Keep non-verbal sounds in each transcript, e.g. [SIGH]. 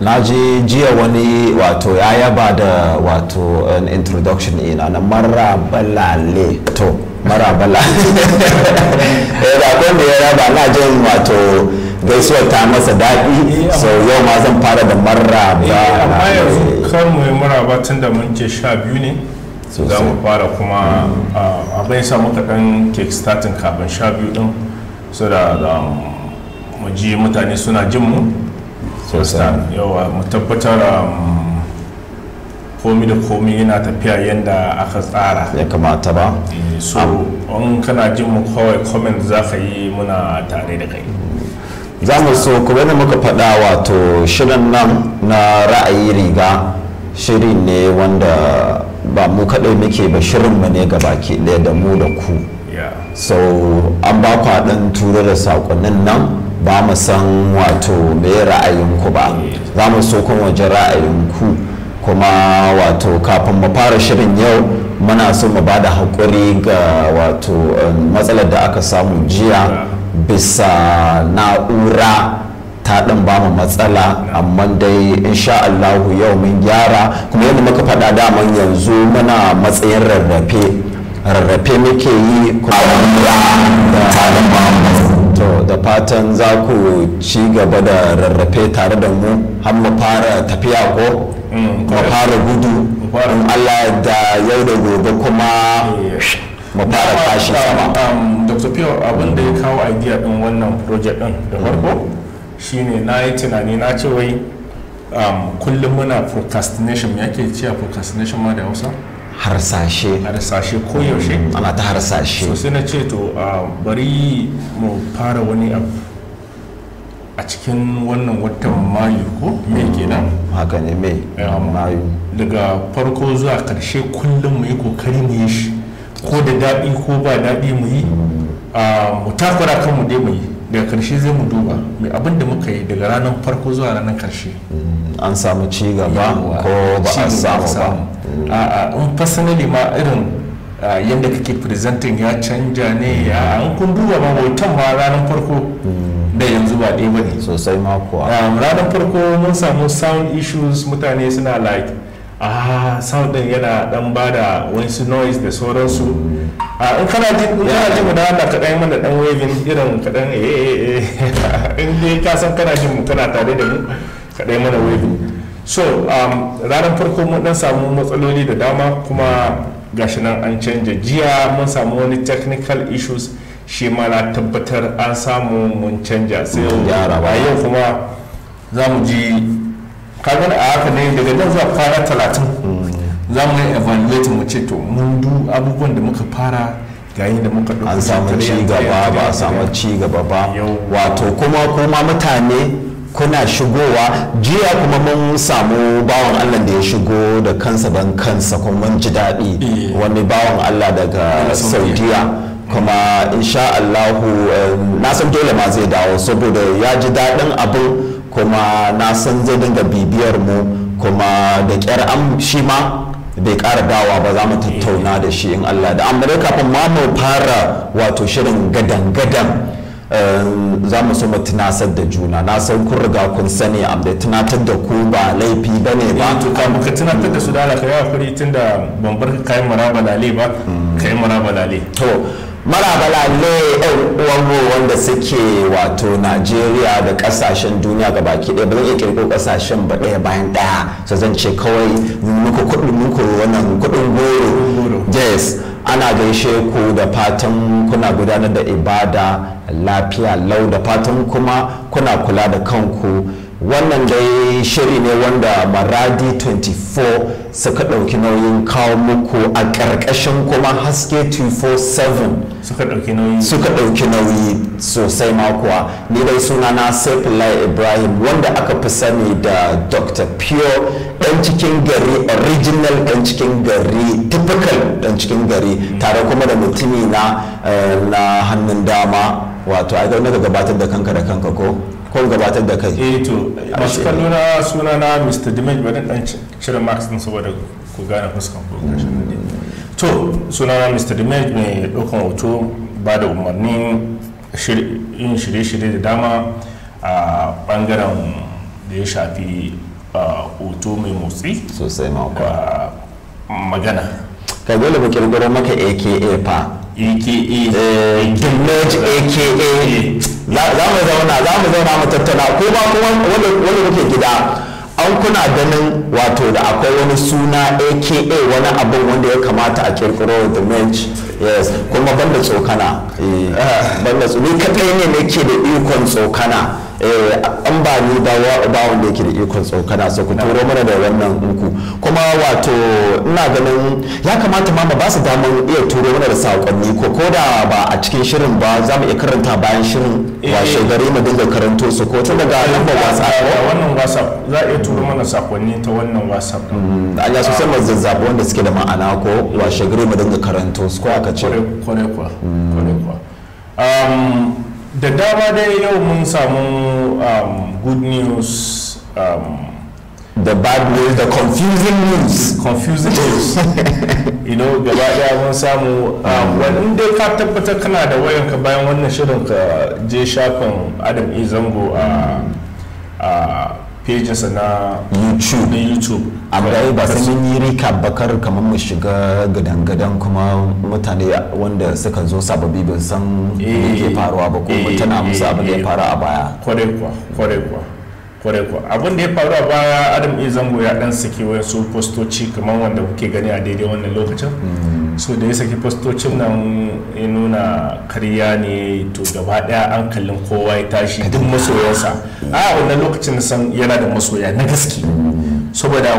na ji jiya wani wato ya yaba da wato uh, an introduction ina na marabalale to mara balale da [LAUGHS] eh, abin da ya raba na jin wato gaisuwa ta masa daɗi so yau ma zan fara da maraba balale eh, yanzu kar mu yi tun da mun ke sha biyu ne za mu fara kuma mm. ah, abin sa muka ɗan kick kafin sha biyu ɗin so da um, mu ji mutane suna jin mu yawa mu tabbatar um, komi da komi yana tafiya yadda aka tsara ya kamata ba eh, so an kana jin mu kawai comment za ka yi muna tare da kai za mu so kuma yadda muka faɗa wato shirin nan na ra'ayi riga shiri ne wanda ba mu kaɗai muke ba shirin mu ne gaba ke da mu da ku so an ba kwaɗin tura da saƙonnin nan ba mu san wato me ra'ayinku ba za mu so kuma waje ra'ayinku kuma wato kafin mu fara shirin yau muna so mu ba da haƙuri ga wato um, matsalar da aka samu jiya bisa na'ura ta ɗin ba mu matsala amma dai insha Allahu yau mun gyara kuma yadda muka faɗa dama yanzu muna matsayin rarrafe rarrafe muke yi kuma da ta ɗin ba mu to da fatan za ku ci gaba da rarrafe tare da mu har mu fara tafiya ko mm, mu fara gudu in allah da yau da gobe kuma mu fara tashi sama um, um, dr pio abin da ya kawo idea din wannan project din da farko mm. shine na yi tunani na ce wai um, kullum muna procrastination yake cewa procrastination ma da hausa harsashe harsashe ko yaushe mm, ana ta harsashe so sai na ce to bari mu fara wani abu a cikin wannan watan mayu ko me kenan haka ne me mayu daga farko zuwa karshe kullum mu yi kokari mu yi shi ko da daɗi ko ba daɗi mu yi mm. mu takura kanmu dai mu yi daga karshe zai mu duba mai abin da muka yi daga ranar farko zuwa ranar karshe mm, an samu ci gaba ko ba a samu ba a mm. in ne ma irin yadda kake presentin ya canja ne mm. ya an kun duba ma hoton ma ranar farko da yanzu ba ɗaya bane sosai ma kuwa ranar farko mun samu sound issues mutane suna like a ah, sound din yana dan bada wani noise da sauransu a in kana ji in kana ji mu da Allah ka dan mana dan waving irin ka dan eh eh, eh. [LAUGHS] in dai ka san kana jin mu kana tare da mu ka dan mana waving so um, ranar farko mun dan samu matsaloli da dama kuma gashi nan an canja jiya mun samu wani technical issues shi ma na tabbatar an samu mun canja sai yau gyara ba yau kuma za mu ji kagan a haka ne daga nan zuwa kwana talatin mm. za mu yi evaluate mu ce to mun du abubuwan da muka fara da muka an samu ci gaba ba a samu ci gaba ba wato kuma kuma mutane kuna shigowa jiya kuma mun samu bawan allah da ya shigo da kansa ban kansa kuma mun ji daɗi eh. wani bawan allah daga saudiya kuma insha allahu eh, na san dole ma zai dawo saboda ya ji daɗin abu kuma na san zai dinga bibiyar mu kuma da ƙyar an shi ma bai ƙara dawa ba za mu tattauna da shi in Allah da amma dai kafin ma mu fara wato shirin gadan-gadan eh, za mu so mu tunasar da juna na san kun riga kun sani da tunatar da ku ba laifi ba ne ba eh, to ka muka tunatar da su da Allah ka yi hakuri tunda ban bar kai maraba lale ba hmm. kai maraba lale to marabala ne yan uwanmu wanda suke wato najeriya da kasashen duniya ga baki ɗaya bazan iya kirko kasashen ba ɗaya bayan ɗaya so zan ce kawai muku kuɗin muku wannan kuɗin goro yes ana gaishe ku da fatan kuna gudanar da ibada lafiya lau da fatan kuma kuna kula da kanku wannan dai shiri ne wanda maradi 24 suka ɗauki nauyin kawo muku a ƙarƙashin kuma haske 247 suka ɗauki nauyi sosai makuwa ni dai sunana saifullah ibrahim wanda aka fi sani da dr pure ɗan cikin gari original ɗan cikin gari typical ɗan cikin gari tare kuma da mutumi na eh, hannun dama wato a ga gabatar da kanka da kanka ko kun gabatar da kai eh to masu kallona suna na mr dimage bari dan cire max din saboda ku gane fuskan ko to suna na mr dimage mai daukan hoto ba da umarni yin shirye-shirye da dama a bangaren da ya shafi hoto mai motsi sosai makwa magana kai dole mu kirgiro maka aka fa gilmet aka eh, za mu zauna za mu zauna mu tattala ko ba kuma wanda kuke gida an kuna ganin wato da akwai wani suna aka wani abin wanda ya kamata a kirkiro da match yes kuma banda tsokana eh. ah, banda tsokana ne ke da ikon tsokana Eh, an ba ni ba wanda yake da ikon tsokana so ku turo mana da wannan uku kuma wato ina ganin ya kamata ma ba su damar iya turo mana da saƙonni ko ko da ba a cikin shirin ba za mu iya karanta bayan shirin eh, eh. washe gari mu dinga karanto su ko tun daga lambar a wannan whatsapp za a iya turo mana saƙonni ta wannan whatsapp an ya sosai mu zaɓi wanda suke da ma'ana ko washe gari mu dinga karanto su ko aka ce kwarai da dama dai yau mun samu um, good news um, the bad news the confusing news confusing news you know gaba daya mun samu um, wani dai ka tabbata kana da wayan ka bayan wannan shirin ka je shafin adam izango e. a pages na youtube na youtube abu ba sai mun yi recap bakar kar kamar mu shiga gadan-gadan kuma mutane wanda suka zo sababi ban san me eh, ke faruwa ba ko tana musu eh, abin da ya eh, faru a baya kwarai kuwa kwarai kwarai kuwa abin da ya faru a baya adam iya zango ya dan saki wasu postoci kamar wanda kuke gani a daidai wannan lokacin mm. so da ya saki postocin nan ya nuna karya ne to gaba daya an kallon kowa ya tashi duk masoyansa a wannan lokacin san yana da masoya na gaske saboda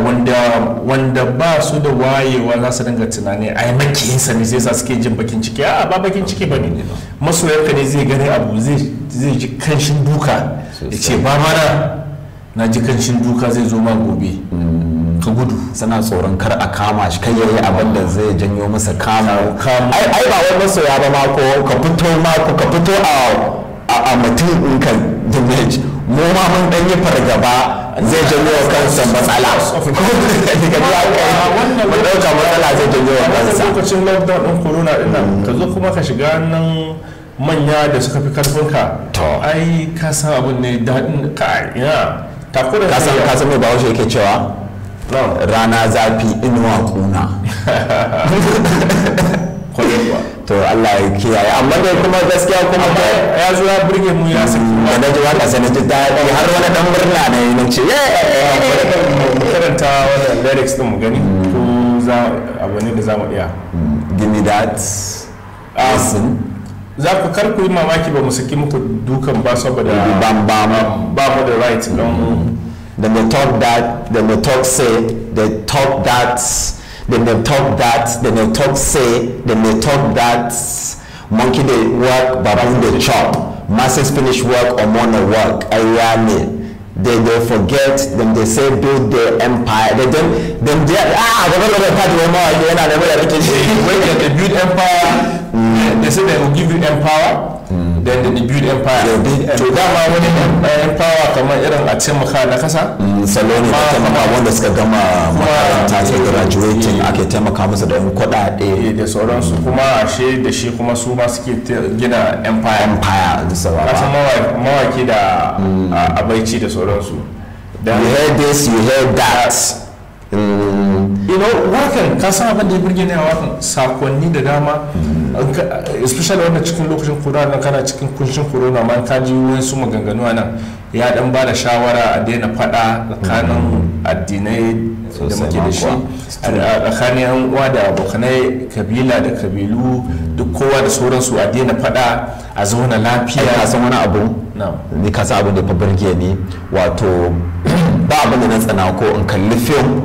wanda ba su da wayewa za su dinga tunani ai makiyinsa ne sai sa suke jin bakin ciki a ba bakin ciki ba ne masoyarka ne zai gani abu zai ji kanshin duka ya ce ba mana na ji kanshin duka zai zo ma gobe ka gudu suna tsoron kar a kama shi kai yayi abin da zai janyo masa kama ai ai ba wai masoya ba ma ko ka fito ma ko ka fito a a mutum in ka damage mu ma mun dan yi fargaba zai janyo wa kansa matsala [LAUGHS] mun dauka matsala zai janyo wa kansa lokacin lockdown din corona din nan ka zo kuma ka shiga nan manya da suka fi karfinka ai ka san abin ne daɗin ka ina kasan kasan mai bawashi yake cewa rana zafi inuwa kuna to Allah ya kiyaye amma dai kuma gaskiya kuma ya zuwa birge mu ya saki da naji waka ta da daɗi har wani dan murna ne na ce ya karanta wannan lyrics din mu gani mm. ko za abu ne da za mu iya mm. give me that ah. listen za ku kar yi mamaki ba mu saki muku dukan ba saboda ba mu da right don then they talk that then they talk say they talk that then they talk that then they talk say then they talk that monkey dey work baboon dey chop masses finish work omona work ayane they dey forget dem dey say build their empire they dem dem dey ah i don't know. go party wey more i dey na dem wey i dey take. wey dem dey build empire. mm. they say they will give you empower mm. then they build empire to dama wani uh, empower kamar irin a taimaka na kasa salon ne taimaka wanda suka gama makaranta ta graduating ake taimaka musu da yan kuɗaɗe da sauransu kuma ashe da shi kuma su ma suke gina empire empire mm. da sauransu mawaki da abaici da sauransu you heard this you heard that you know wakan ka san abin da ya burge ne a wakan sakonni da dama especially wanda cikin lokacin corona kana cikin kunshin corona ma ka ji wasu maganganu a nan ya dan ba da shawara a daina fada tsakanin addinai da muke da shi a tsakanin yan uwa da abokanai kabila da kabilu duk kowa da sauransu a daina fada a zauna lafiya a zauna abu ni kasa abin da fabarge ni wato ba abin da na tsana ko in kalli fim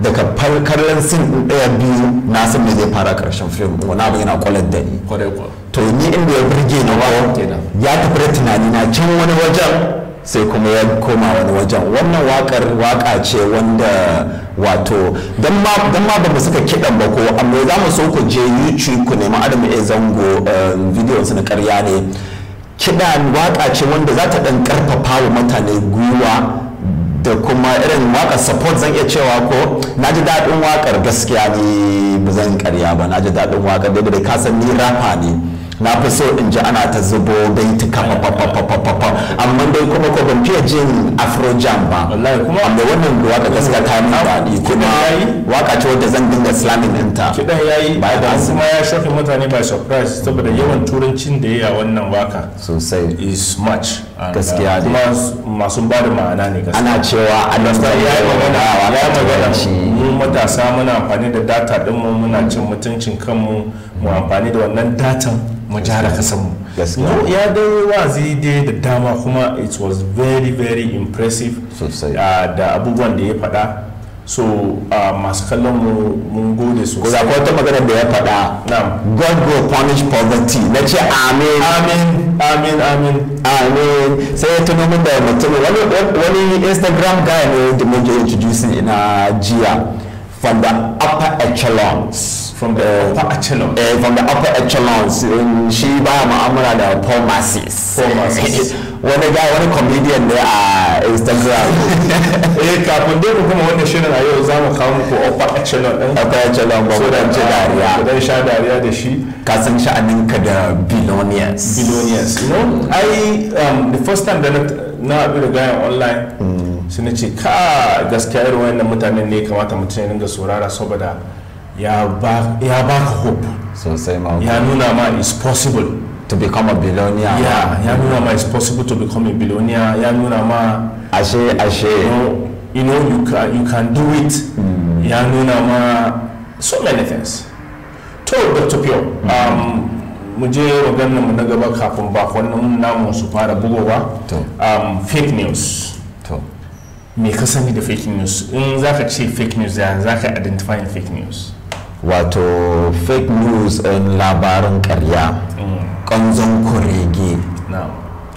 daga kallon sin ɗaya biyu na san me zai fara karshen fim wani abin yana kwalar da ni to ni inda ya burge na wawa ya tafi da tunani na can wani wajen sai kuma ya koma wani wajen wannan wakar waka ce wanda wato don ma ba mu suka kiɗan ba ko amma za mu so ku je youtube ku nemi adam zango video eh, su na karya ne kiɗa waka ce wanda za ta ɗan ƙarfafa wa mutane gwiwa da kuma irin waƙar support zan iya cewa ko na ji daɗin wakar gaskiya ne ba zan ƙarya ba na ji daɗin waƙar da ka san ni rafa ne na fi so in ji ana ta zubo baituka papapapapapa amma dai kuma ko ban fiye jin afro jam ba amma wannan waka gaskiya ta min daɗi kuma waka ce wadda zan dinga slamin ɗinta kiɗan yi ba da kuma ya shafi mutane by surprise saboda yawan turancin da ya yi a wannan waka sosai is much gaskiya ne uh, kuma masu ba da ma'ana ne gaskiya ana cewa an ya yi magana ya magana mu matasa muna amfani da data ɗinmu muna cin mutuncin kanmu mu amfani da wannan datan mu jara mu ya dai wazi dai da dama kuma it was very very impressive ah, da abubuwan da ya faɗa so ah, masu kallon mu mun gode su ga wata magana da ya faɗa god will punish poverty na ce amin amin amin amin amin sai ta tuno da mutum wani instagram guy ne da mun je introducing ina jiya from the upper echelons from the uh, upper echelon. Uh, from the upper echelons. Um, shi ba mu'amala da uh, Paul Masses. Paul Masses. wani ga wani comedian ne a Instagram. [LAUGHS] Eh kafin dai ku kuma wannan shirin a yau za mu kawo muku upper echelon din. Eh. Upper echelon ba dan ce dariya. Uh, dan sha dariya da shi. Ka san sha'anin ka da billionaires. Billionaires. You know, I um, the first time da na abin da gayan online. Hmm. sun na ce ka gaskiya irin wannan mutanen ne kamata mutum ya dinga saurara saboda ya baka hope sosai ma ya nuna ma is possible to become a billionaire ya ya nuna ma is possible to become a billionaire ya nuna ma ashe ashe you know you, know, you, can, you can do it mm. ya nuna ma so many things to dr pio mm. um, mu je maganar mu na gaba kafin bakonnin namu su fara bugowa um, fake news me ka sani da fake news in zaka ce fake news ya zaka identify fake news wato fake news ɗin labarin karya ƙanzon mm. kurege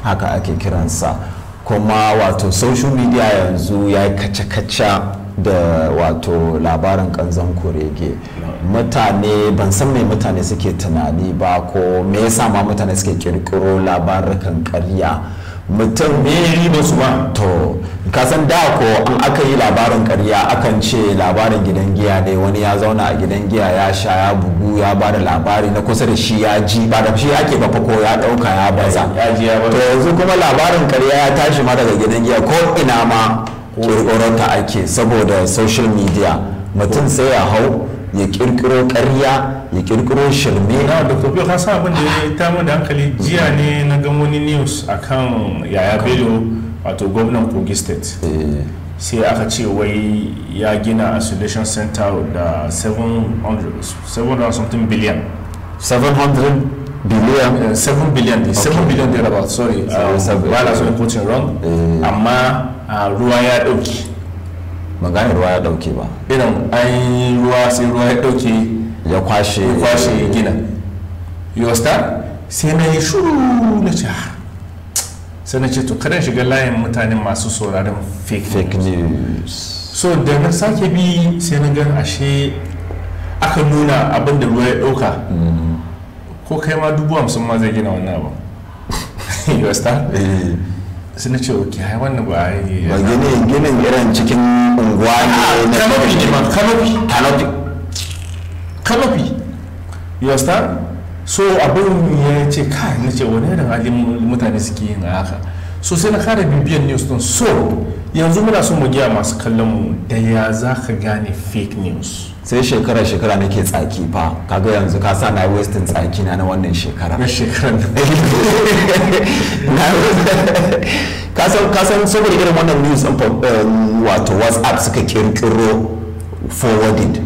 haka ake kiransa kuma wato social media yanzu ya yi kaca-kaca da wato labarin ƙanzon kurege mutane ban san mai mutane suke tunani ba ko me yasa ma mutane suke kirkiro labarukan ƙarya mutum me riba su ba to kasan da ko an aka yi labarin karya akan ce labarin gidan giya ne wani ya zauna a gidan giya ya sha ya bugu ya ba da labari na kusa da shi ya ji ba da shi ake ba ko ya dauka ya baza to yanzu kuma labarin karya ya tashi ma daga gidan giya ko ina ma kirkirarta ake saboda social media mutum sai ya hau ya kirkiro ƙarya ya kirkiro shirme na da kofi ka sa abin da ya ta da hankali jiya ne na ga wani news akan yaya bello wato gwamnan kogi state eh. sai aka ce wai ya gina isolation center da 700 something billion 700 billion 7 eh, billion 7 billion dey about sorry ba na so quoting wrong eh. amma ah, ruwa ya dauki magana ruwa ya dauke ba irin an sai ruwa ya dauke ya kwashe ya kwashe ya gina yosta sai na yi shuru na ce ah. sai na ce to kada shiga layin mutanen masu sauraron fake news so da na sake bi sai na gan ashe aka nuna abin da ruwa ya dauka mm. ko kai ma dubu hamsin ma zai gina wannan abin [LAUGHS] you understand eh. sai na ce ok hai wannan ba yi ba ginin ginin irin cikin unguwa ne na kanofi kanofi kanofi salafi you understand so abin ya ce kai na ce wani irin halin mutane suke yin haka so sai na kare bibiyan news din so yanzu muna son mu giya masu kallon mu da ya za ka gane fake news sai shekara shekara nake tsaki fa kaga yanzu ka sa na western tsaki na na wannan shekara na shekara [LAUGHS] [LAUGHS] ka san saboda irin wannan news um, wato whatsapp suka kirkiro forwarded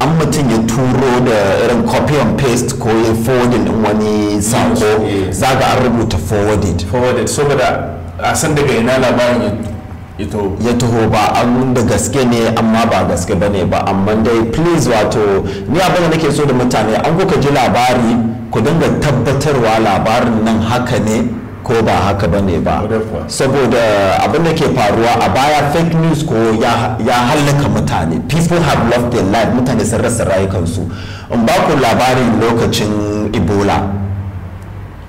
an mutum ya turo da irin copy and paste ko ya forwarding din wani sako eh. za ga an rubuta forwarded forwarded saboda a san daga ina labarin ya taho ba nun da gaske ne amma ba gaske ba ne ba amma dai please wato ni abin da nake so da mutane an kuka ji labari ku dinga tabbatarwa labarin nan haka ne ko ba haka ba ne ba saboda abin da ke faruwa a baya fake news ko ya hallaka mutane people have lost their life mutane sun rasa rayukansu in ba ku labarin lokacin ebola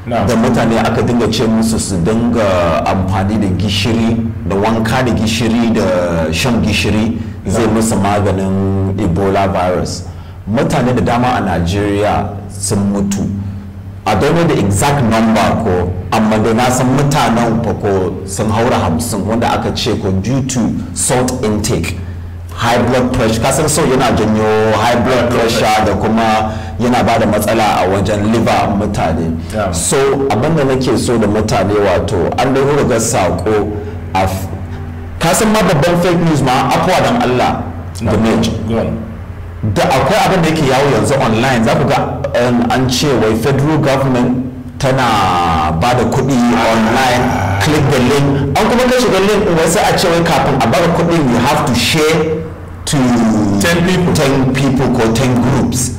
da mutane aka dinga ce musu su dinga amfani da gishiri da wanka da gishiri da shan gishiri zai musu maganin ebola virus mutane da dama a nigeria sun mutu a dole da the exact number ko amma dai na san mutanen ko sun haura hamsin wanda aka ce ko due to salt intake high blood pressure kasar sau yana janyo high blood pressure da kuma yana ba da matsala a wajen liver mutane so abinda nake so da mutane wato an da ga sako a kasan ma babban fake news ma afuwa don allah da da akwai abin da yake yawo yanzu online za ku ga um, an ce wai federal government tana ba da kuɗi online click the link an kuma kai shiga link wai sai a ce wai kafin a bada kuɗi we have to share to 10 people 10 people ko 10 groups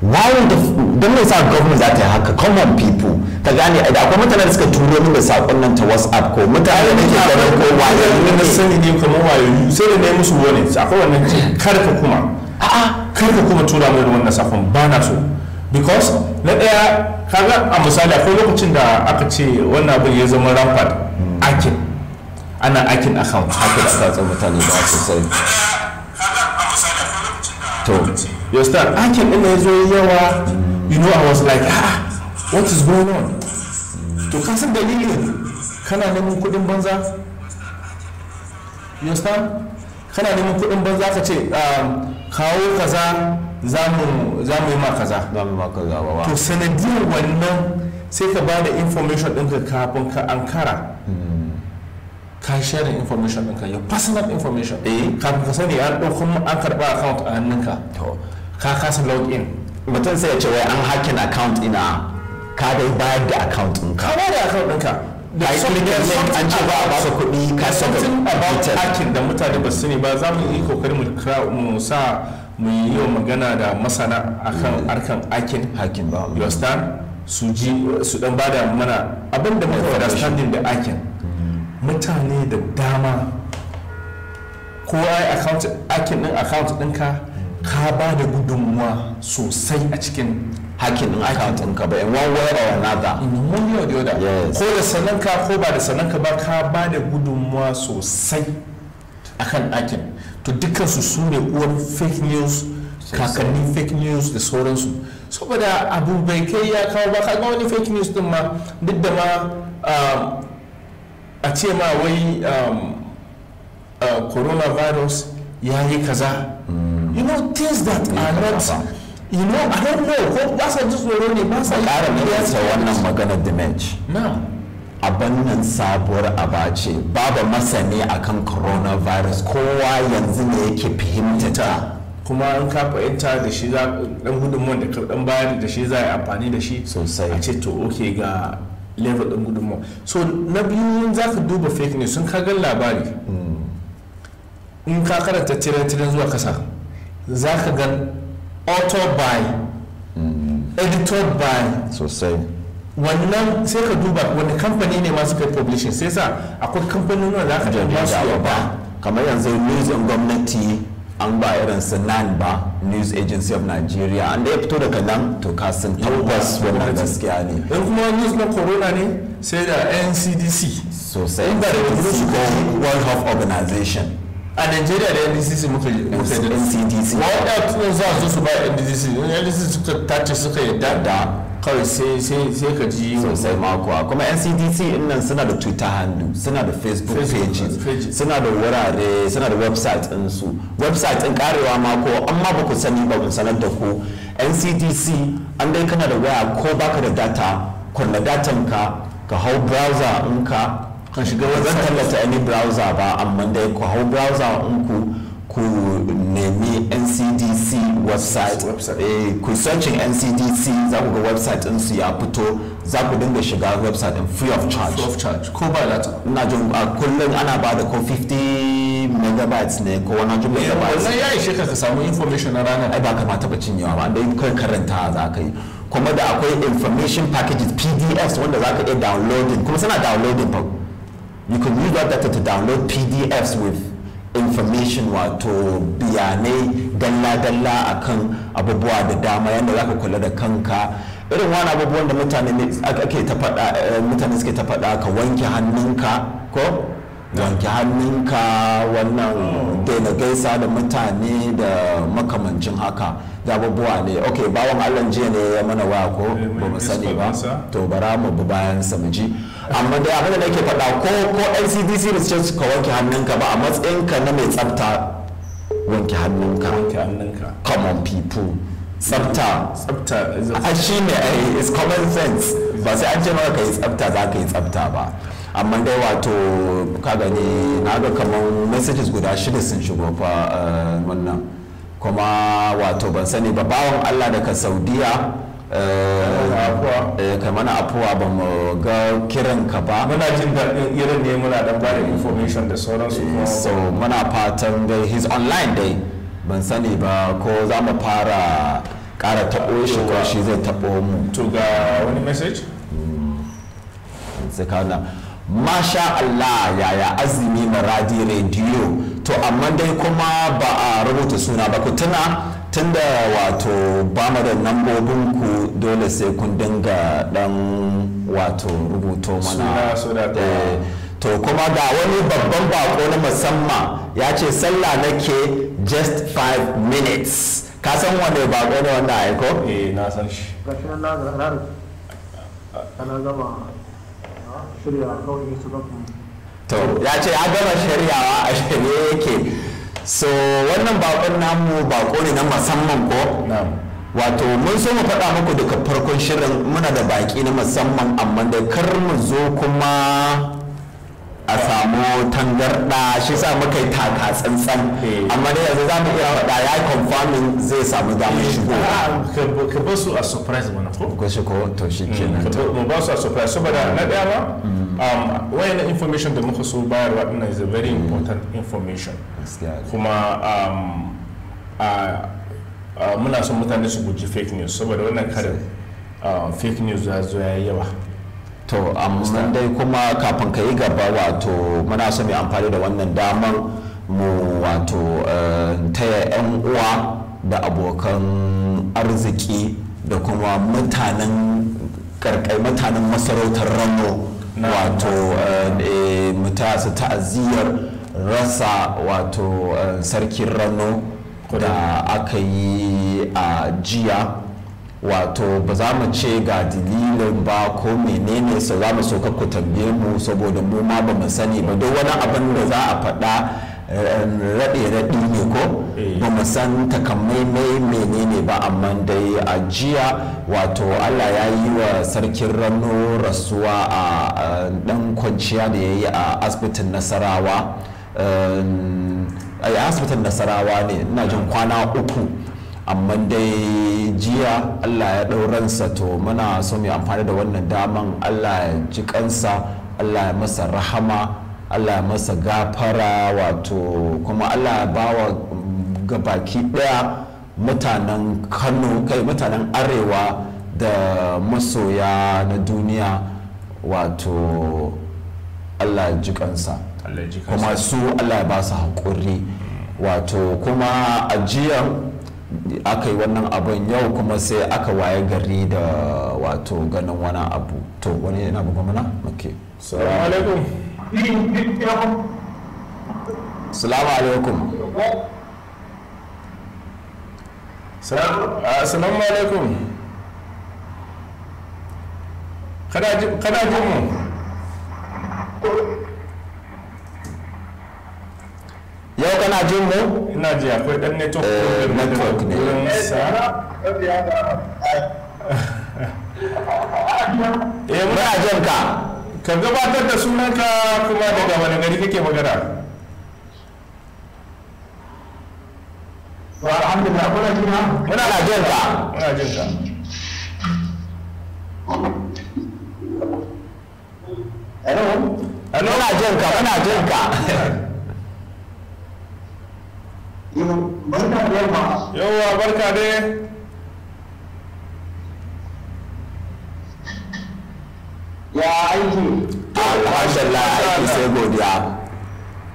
why the don me sa government za ta yi haka common people ka gane da akwai mutanen da suka turo min da sakon nan ta WhatsApp ko mutane da ke ganin ko wayoyi ne sani ne kuma wayoyi sai da ne musu wani akwai wannan karfa kuma a'a kai ka kuma tura mai ruwan nasafin safon ba na so because na ɗaya kaga a misali akwai lokacin da aka ce wannan abin ya zama rampart hmm. akin ana akin haka da hakin tsaye mutane ba sosai to your start akin din ya zo yawa hmm. you know i was like ah what is going on hmm. to ka san dalilin kana neman kuɗin banza you start kana neman kuɗin banza ka ce um, kawo kaza za mu yi ma kaza za mu ma kaza to sanadiyar wannan sai ka ba da information ɗinka kafin ka ankara hmm. ka share information ɗinka ya personal information eh. kafin ka sani an ɗauko an karɓa account a hannunka ka kasa log in mutum sai ya ce wai an hakin account ina ka dai bayar da account ɗinka ka bayar da account ɗinka da an ce ba a ba kuɗi ka saka about hacking da mutane ba su ne ba za mu yi kokarin mu sa mu yi yau magana da masana akan hmm. harkan hakin hakin ba you understand su ji su dan bada mana abin da muka understanding da hakin hmm. mutane da dama ko ai account hakin din account ɗinka ka ba da gudunmuwa sosai a cikin hakin din account ka ba in one way or another in one way or the ko da sananka ko ba da sananka ba ka ba da gudunmuwa sosai akan ɗakin to dukkansu su ne uwan fake news kakannin fake news da sauransu saboda abu bai kai ya kawo ba ka wani fake news din ma duk da ma um, a ce ma wai um, uh, coronavirus ya yi kaza mm. you know things that are not you know i don't know ko ba sa ji tsoro ne ba sa ƙara nesa wannan maganar dimenci abin nan sabuwar aba ce babu masani akan coronavirus kowa yanzu ne yake fahimta ta kuma an ka fahimta da shi za dan gudunmuwan da dan bayar da shi za a yi amfani da shi sosai a ce to ok ga level din gudunmuwa so na biyu za ka duba fake news sun kagan labari mm. in ka karanta tiran-tiran zuwa kasa za ka gan authored by edited by sosai wannan sai ka duba wani kamfani ne masu kai publishing sai sa akwai nuna da aka da su ba kamar yanzu news gwamnati an ba irin sunan ba news agency of nigeria an da ya fito daga nan to ka sun tabbas wannan gaskiya ne in kuma news na corona ne sai da ncdc sosai inda da world health organization a nigeria da ndcc muka yi ndcc tun za su su ba ndcc ndcc suka tace suka yadda da kawai sai ka ji sosai makuwa kuma ncdc nan suna da twitter hannu suna da facebook pages suna da wurare suna da website insu website in karewa mako amma ba ku sani ba sanar da ku ncdc an dai kana da waya ko baka da data kunna datan ka ka hau browser ka. ka shiga zan tallata any browser ba amma dai ku hau browser ku ku nemi ncdc website eh, ku searching ncdc za ku ga website din su ya fito za ku dinga shiga website din free of charge free of charge ko ba da ina jin kullum ana ba da ko 50 megabytes ne ko 100 eh, megabytes wannan ya ishe ka samu information na ranar ai ba kamata ba cinyewa ba dai kai karanta za ka yi kuma da akwai information packages pdfs wanda za ka iya downloading kuma suna downloading you can use that data to download pdfs with information wato bayanai dalla-dalla a kan abubuwa da dama yadda za ka kula da kanka irin wani abubuwan da eh, mutane suke ta faɗa ka wanke hannunka ko wanke hannunka wannan oh. daina gaisa da mutane da makamancin haka abubuwa ne ok bawan allon jiya ne ya mana waya ko eh, ba mu sani ba to bara mu bi bayan sa mu ji amma dai abin da nake faɗa ko ko ncdc ba su ce ka wanke hannunka ba a matsayinka na mai tsafta wanke hannunka common people tsafta a shi ne a eh, is common sense ba sai an ce maka ka yi tsafta za ka yi tsafta ba amma dai wato ka gani na ga kamar messages guda shida sun shigo fa eh, wannan kuma wato ban sani ba bawan allah daga saudiya eh, eh, ka mana afuwa ba mu ga kiran ka ba muna jin daɗin irin ne muna dan ba da information da sauransu eh, so muna fatan dai his online dai ban sani ba ko za mu fara ƙara taɓo shi ko shi zai taɓo mu to ga wani message hmm. masha Allah yaya azumi maradi rediyo to amma dai kuma ba a rubuta suna ba ku tuna tunda wato ba mu da nambobin ku dole sai kun dinga dan wato rubuto mana eh, to kuma ga wani babban bako na musamman ya ce sallah nake just 5 minutes ka san wanda bako ne wannan aiko? eh na san shi gashi na gama ah, shirya kawai su to ya ce ya gama shari'awa a shirye yake so wannan bakon namu bako ne na musamman ko wato mun so mu faɗa muku duka farkon shirin muna da baki na musamman amma da kar mu zo kuma a samu tangarɗa shi sa muka yi taka tsantsan eh. amma da yanzu za mu iya faɗa ya confirming zai samu damar eh, shigo ah, ka ba su a surprise mana ko ko shi ko to shi kenan mm, mu ba su a surprise saboda na daya ba mm. um, wayan information da muka so bayarwa dinnan is a very mm. important information kuma um, muna son mutane su guji fake news saboda wannan karin uh, fake news ya zo ya yawa to amma dai kuma kafin ka yi gaba wato muna so mai amfani da wannan damar mu wato eh, taya 'yan uwa da abokan arziki da kuma mutanen karkai mutanen masarautar rano wato eh, eh, muta su ta'aziyar rasa wato sarkin rano da aka yi a jiya wato ba za mu ce ga dalilin ba ko menene su za mu soka ku tambaye mu saboda mu ma ba mu sani ba duk wani abin da za a faɗa eh, raɗe-raɗi ne ko eh. ba mu san takamaimai menene ba amma dai a jiya wato allah ya yi wa sarkin rano rasuwa a ɗan kwanciya da ya yi a asibitin nasarawa eh, a asibitin nasarawa ne ina jin kwana uku amma dai jiya allah ya ɗauransa to muna so mai amfani da wannan daman allah ya ji kansa allah ya masa rahama allah ya masa gafara wato kuma allah ya bawa gabaki ɗaya mutanen kano kai mutanen arewa da masoya na duniya wato allah ya ji kansa kuma su allah ya ba su haƙuri wato kuma ajiyar aka yi wannan abin yau kuma sai aka waye gari da wato ganin wani abu to wani yana buga mana muke salamu alaikum salamu alaikum ah, salamu alaikum kana ji mu yau kana jin mu ina ji akwai dan network eh, ne eh muna jin ka ka gabatar da sunanka kuma daga wani gari kake magana alhamdulillah kuna ka muna na jin ka muna jin ka hello hello muna jin ka muna jin ka [LAUGHS] barka da yamma yawa barka dai ya aiki alhamdulillah aiki sai godiya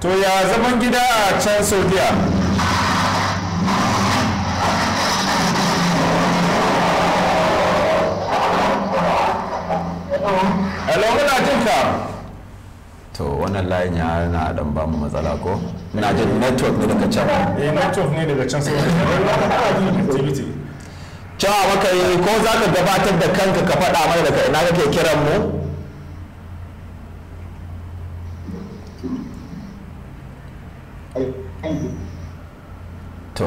to ya zaman gida a can saudiya hello muna jinka to wannan layin ya na dan ba mu matsala ko na jin network ne daga can eh network ne daga can sai activity cewa maka yi ko za ka gabatar da kanka ka faɗa mana daga ina kake kiran mu to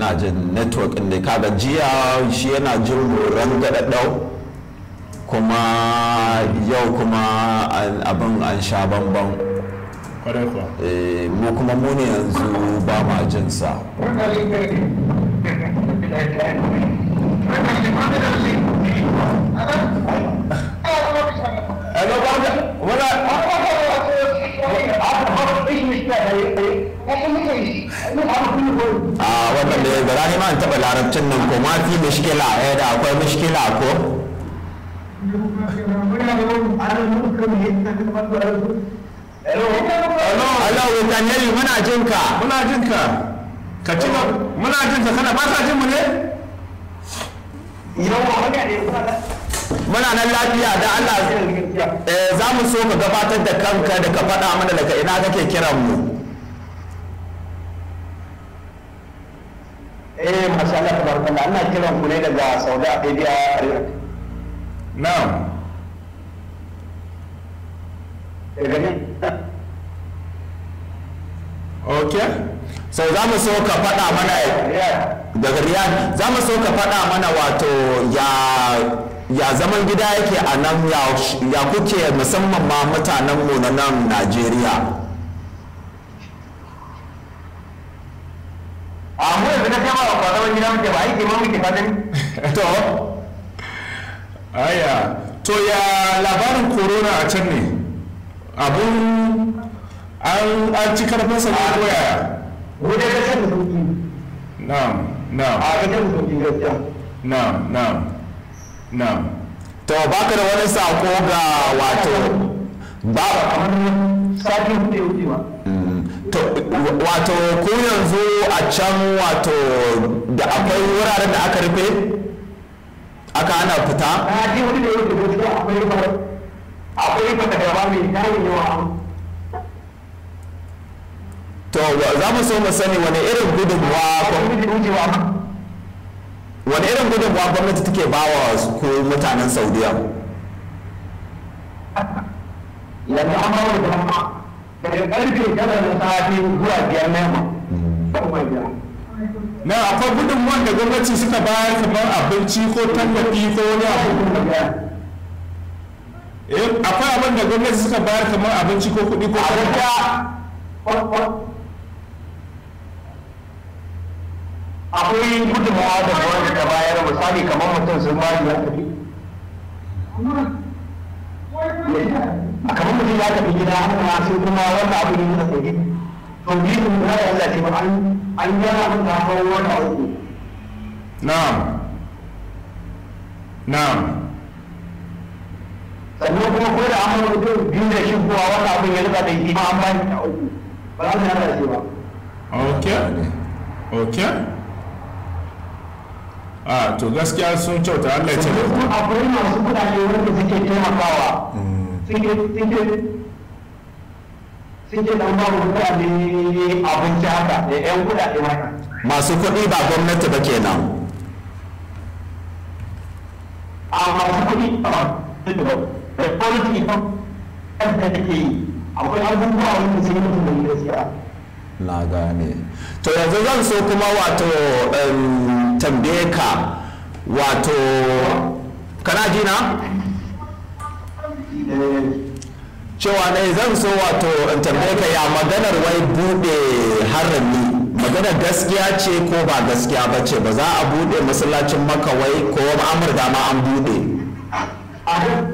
na jin network ne da kaga jiya shi yana jin ran gadadau kuma yau kuma abin an sha bambam eh, mu kuma mu ne yanzu ba ma jin sa a ah, wannan da ya gara ne ma taɓa larabcin nan ko ma fi mishkila a eh, yadda akwai mishkila ko Allah wutan yari muna jinka muna ka ci muna kana ba sa jin mu ne muna nan lafiya da Allah eh, za mu so ka gabatar da kanka da ka faɗa mana daga ina kake kiran mu eh masha Allah tabarakallah ne daga Saudi Arabia na'am ok so za mu so ka faɗa mana daga riyad za mu so ka faɗa mana wato ya ya zaman gida yake a nan ya kuke musamman ma mu na nan najeriya a mu yanzu na kama wa zaman gida muke ba aiki ma muke fadin [LAUGHS] to aya to ya labarin corona a can ne abun an ci karfinsa ne ko yaya na'am na'am a ka gaskiya baka da wani sako ga wato ba da ya wuce ba mm, wato ko yanzu a can wato da akwai wuraren da aka rufe aka ana fita akwai fatakarwa mai tarin yawa to za mu so mu sani wani irin gudunmuwa wani irin gudunmuwa gwamnati take bawa ko mutanen saudiya yanzu an bawa da dama daga karfe tara na safe zuwa biyar na akwai gudunmuwan da gwamnati suka bayar kamar abinci ko tallafi ko wani abu Eh, akwai abin da gwamnati suka bayar kamar abinci ko kuɗi ko kuɗi akwai gudunmawa da wanda ta bayar misali kamar mutum sun ba ya tafi a kamar mutum ya tafi gida har ma sai kuma wanda abu ne da tafi to bi ya da Allah ce an an yana mun ta hawo wanda na'am na'am sannan kuma ko da amma mutum biyu da shi shigowa wata abin ya rika da shi ba an bani ta uku ba za mu yana shi ba ok ok a ah, to gaskiya sun kyauta Allah ya ce da akwai masu kudade wanda suke taimakawa suke suke suke dan ba mu kudade abinci haka da yan kudade haka masu kuɗi ba gwamnati ba kenan a ah, masu kuɗi ba ah, ba da quality of ɗanka ke yi akwai abubuwa wanda sai mutum da yi gaskiya na gane to yanzu zan so kuma wato tambaye ka wato kana jina cewa ne zan so wato in tambaye ka ya maganar wai bude harami maganar gaskiya ce ko ba gaskiya ba ce ba za a bude masallacin makawai ko ma'amur da ma an bude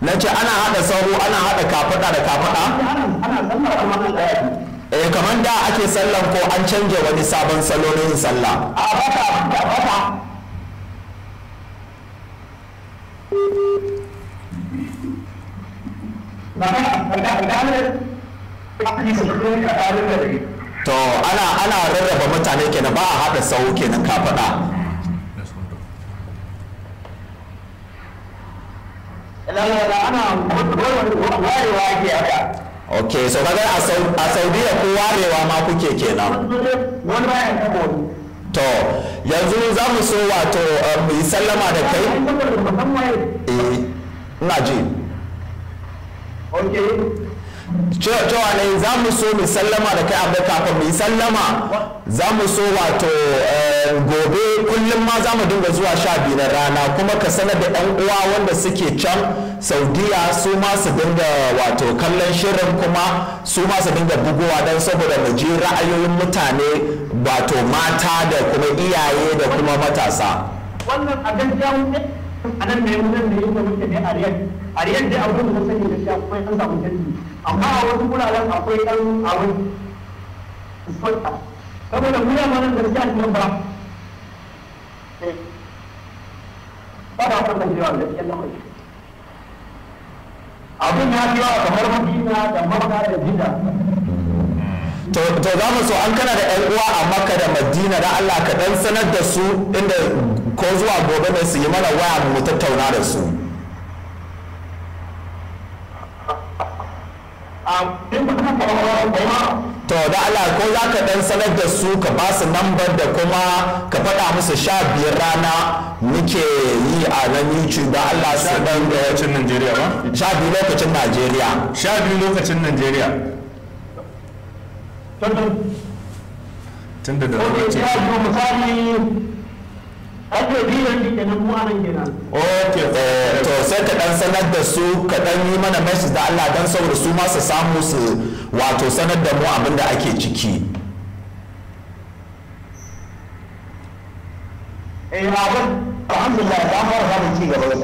na ce ana haɗa sauro ana haɗa kafaɗa da kafaɗa eh kamar da ake sallan ko an canja wani sabon salo na yin sallah to ana ana rarraba mutane kenan ba a haɗa sauro kenan kafaɗa ok so kaga a saudiya ko warewa ma kuke kenan to yanzu za mu so wato eh, mu yi sallama da kai eh ina ji okay cewa ne za mu so mu sallama da kai abu kafin mu yi sallama za mu so wato eh, gobe kullum ma za mu dinga zuwa sha biyu na rana kuma ka sanar da yan uwa wanda suke can saudiya su ma su dinga wato kallon shirin kuma su ma su dinga bugowa don saboda mu ji ra'ayoyin mutane wato mata da kuma iyaye da kuma matasa wannan abin a nan ne wajen da yi muke ne a riyad a riyad dai abin da sani da shi akwai an samu canji amma a wasu wuraren akwai ɗan abin fuskanta da muna ma da siya ne ba ba da haka zan da mai abin ya fi yawa kamar madina da makka da jida to za mu so an kana da yan uwa a makka da madina da allah ka sanar da su inda ko zuwa gobe mai su yi mana waya mu tattauna da su to da Allah ko za ka dan sanar da su ka ba su lambar da kuma ka faɗa musu sha biyar rana muke yi a nan YouTube da Allah su dan da lokacin Najeriya ba sha biyu lokacin Najeriya sha biyu lokacin Najeriya tunda da lokacin ok eh, to sai ka dan sanar da su ka dan yi mana message da Allah dan saboda su ma su samu su wato sanar da mu abin da ake ciki eh abin alhamdulillah da fara samun ci gaba ana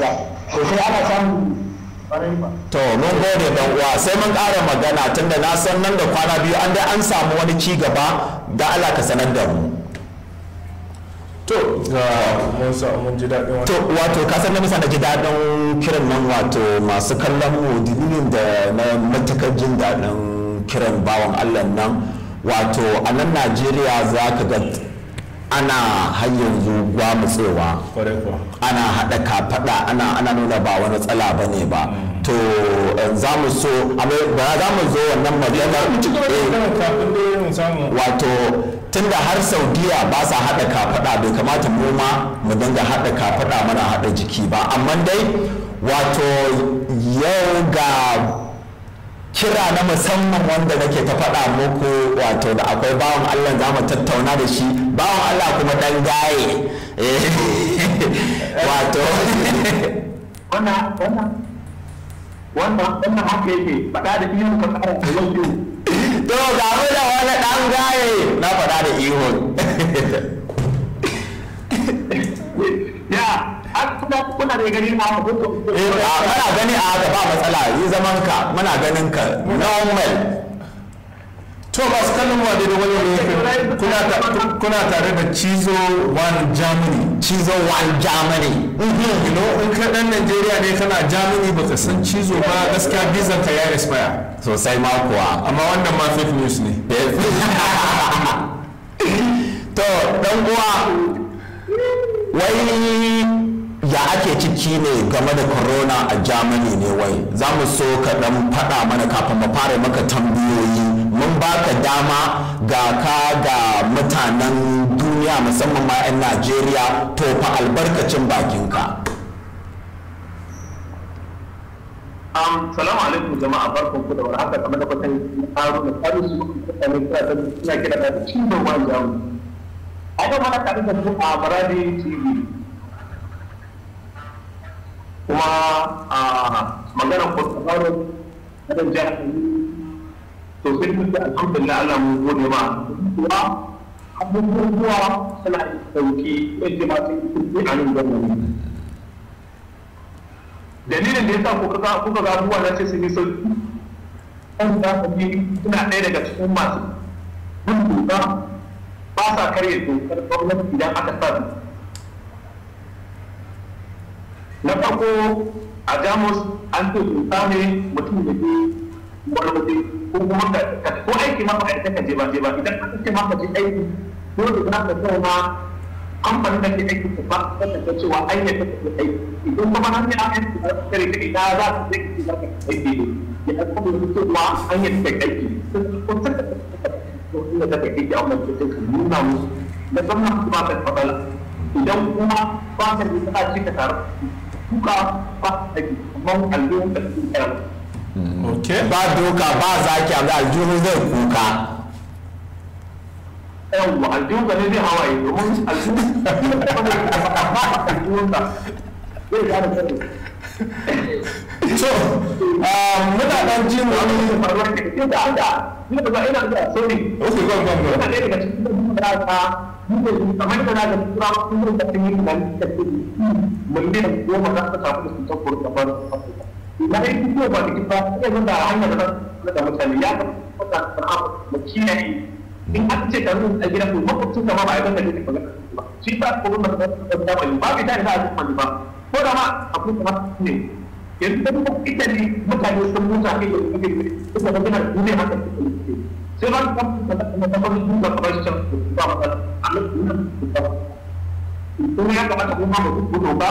to mun gode dan uwa sai mun ƙara magana tunda na san nan da kwana biyu an dai an samu wani ci gaba da Allah ka sanar da mu to mun ji to wato kasar na misa ji daɗin kiran nan wato masu kallon mu dalilin da na matakar jin daɗin kiran bawan allah nan wato a nan najeriya za ka ga ana hanyar zuwa mutsewa ana haɗa kafaɗa ana ana nuna ba wani tsala ba ne ba mm. to eh, za mu so ba za mu zo wannan magana eh, wato tun da har saudiya ba sa haɗa kafaɗa bai kamata mu ma mu dinga haɗa kafaɗa mana haɗa jiki ba amma dai wato yau ga kira na musamman wanda nake ta faɗa muku wato da akwai bawan allah zamu tattauna da shi bawan Allah kuma dan gaye wato wannan wannan haka yake faɗa da ihu ka yau yau to ga mu da wani dan gaye na faɗa da ihun. ya an kuna da gani na haka eh gani a haka ba matsala yi zaman ka muna ganin ka normal to masu kallon wa da wani ne kuna tare da cizo one germany cizo one germany mm-hmm. you know in ka dan najeriya ne kana germany ka san cizo ba gaskiya bizan ka ya expire sosai ma kuwa amma wannan ma fake news ne [LAUGHS] to dan uwa wai ya ake ciki ne game da corona a germany ne wai za mu so ka dan faɗa mana kafin mu fara maka tambayoyi mun baka dama ga ka ga mutanen duniya musamman ma 'yan najeriya to fa albarkacin bakinka Um, salamu alaikum jama'a barkan ku da haka kamar da kwatan yi karo da karo su ne kira da suna kira da cikin da wani jawo a ga mana kare da su a Barade TV kuma a maganar ku tsaro da jami'a to sai mun ce alhamdulillah Allah mun gode kuma abubuwan zuwa suna sauki yadda ma sun a nan dalilin da ya sa kuka ga kuka ga abubuwa na ce sun yi sauki kan da ka suna ɗaya daga cikin masu bin doka ba sa karya dokar gwamnati idan aka sa su na farko a jamus an ce doka ne mutum da ke wani waje ko kuma ka ko aiki ma ba ka je ba je ba idan ka ce ma ka je aiki dole za ka ce ma kamfanin da ke aiki ku ba ka ta cewa ai ne ka da aiki idan kuma nan ne an yi ku kare ta ita za ka je ki ka aiki ne ya kuma yi cewa an yi take aiki ko ta ta ko ta ta aiki a wannan cikin nuna musu da gwamnati kuma ta fadala idan kuma ba ka yi ta ci ka tare kuka ba aiki amma allo da su tsaya ba doka ba zaki ga aljihu zai kuka yawwa aljihu ga ne zai yi domin aljihu so ah, muna da da ni ba ina da ina daga cikin da ta muke kamar da na kuma da da mun goma da ta da Dari itu juga buat dikembangkan, ya benda lain ya benda Kita bisa lihat, kita tetap mencinya ini Ini aja kalau kita pun, maka sama baik dan kita bisa Cinta pun benda-benda benda kita bisa ada cuma lima Kita sama, aku tetap ini Jadi kita tetap kita di, maka ada semua sakit yang dunia akan kita Sebab kamu itu juga kepada si cakap Kita bisa, anak-anak kita Itu yang kita bisa kita bisa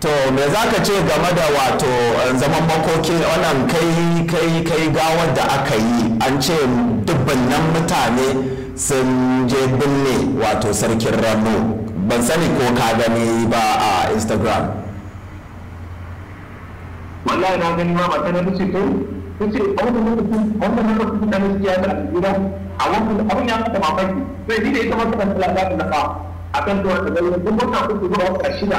to me za ka ce game da wato eh, zaman makoki wannan kai kai kai gawar da aka yi an ce dubbannan mutane sun je binne wato sarkin rano ban sani ko ka gani ba a instagram wallahi na gani ma ba ta na ce to ce a wannan lokacin wannan lokacin da nake ya da gida a wannan abin ya da mamaki sai ni da ita masa da lafiya da ka kan to da ganin duk wannan kuke zuwa shida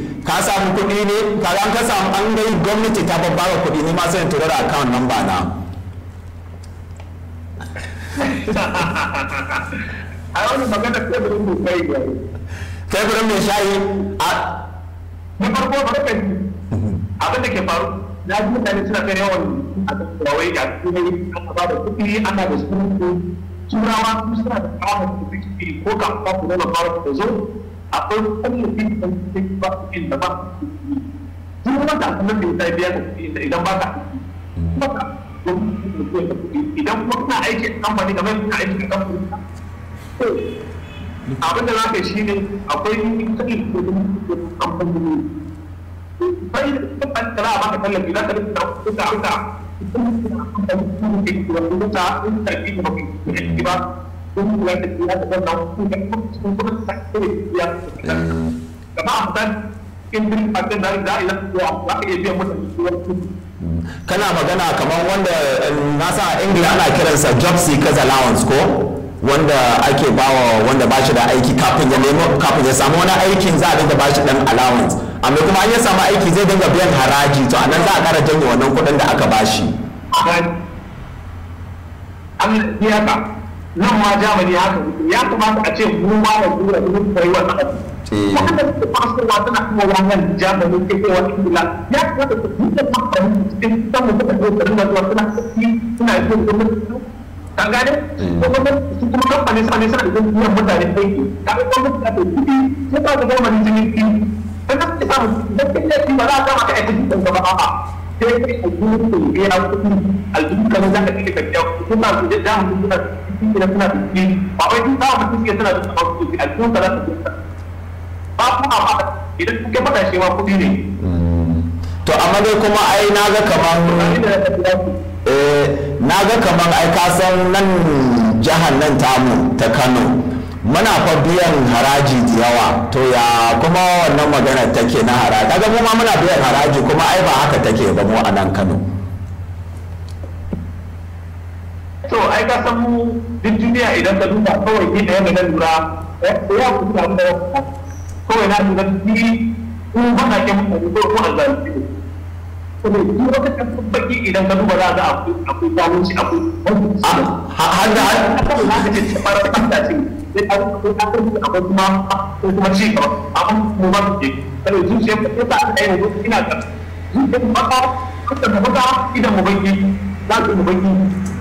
ka samu kuɗi ne kaga an ka samu an gai gwamnati ta babbara kuɗi ne ma sai tura da account number na [LAUGHS] a wani magana teburin mai shayi ne teburin mai shayi a na farko barkan mhm. abin da ke faru na ji mutane suna kan yawan a kawai da kuma aka ba da kuɗi ana da su turawa suna da kawo da ko kafin ku zama fara ku zo akwai tallafin da suke ba su da ba su yi duk wanda kuma da ya biya da kuɗi idan ba ka baka idan kuma kuna aiki a kamfani kamar kuna aiki a kamfani abin da za ka shi ne akwai kuɗi da kuma kamfani bai da kuma tsara ba ka tallafi za ka rubuta kuɗa kuɗa kuɗa kuɗa da kuɗa kuɗa kuɗa kuɗa kuɗa kuɗa kuɗa kuɗa kuɗa kuɗa kuɗa kana magana kamar wanda eh, na sa a ingila ana kiransa job seekers allowance ko wanda ake bawa wanda ba shi da aiki kafin ya nemo kafin ya samu wani aikin za a dinga ba shi dan allowance amma kuma an yi samu aiki zai dinga biyan haraji to anan za a kara janye wannan kuɗin da aka ba shi. An nan ma jamani haka ya kamata a ce mu ma da gura mun koyi wannan abu eh. wanda suke fasowa suna kuma wannan jamani ke kai ya kamata cikin da yi gurbin ka gane ko eh. kuma su kuma sa ne da mutane ka ga kuma da kuɗi ya ba da gwamnati jinin ki samu da ba za ka da ba a'a sai ya kuɗi al'umma za ka kike ka kuma da shi ne suna tsiri ba wai duk dawa mutum ke suna zuwa wasu tsiri alfun sa za su zuwa ba kuma ba idan kuke faɗa shi ma kuɗi ne. Mm. to amma dai kuma ai na ga kamar eh, na ga kamar ai ka san nan jihar nan tamu ta kano muna fa biyan haraji da yawa to ya kuma wannan magana take na haraji kaga mu ma muna biyan haraji kuma ai ba haka take ba mu a nan kano so ai ka san mu duk duniya idan ka duba kawai ni da yadda na lura eh ya ku da mu kawai na lura ni ku ba na ke mutane ko ko azalci ko ne duk lokacin baki idan ka duba za ka akwai akwai zalunci ha ha da har ka ba ka ce fara tsafta ce sai ka ko ka ko ku kuma ko kuma ci ka amma mu ba ku ke kada zuciya ku ta ta yi ina ka ku ba ka kada mu ba idan mu baki za ku mu baki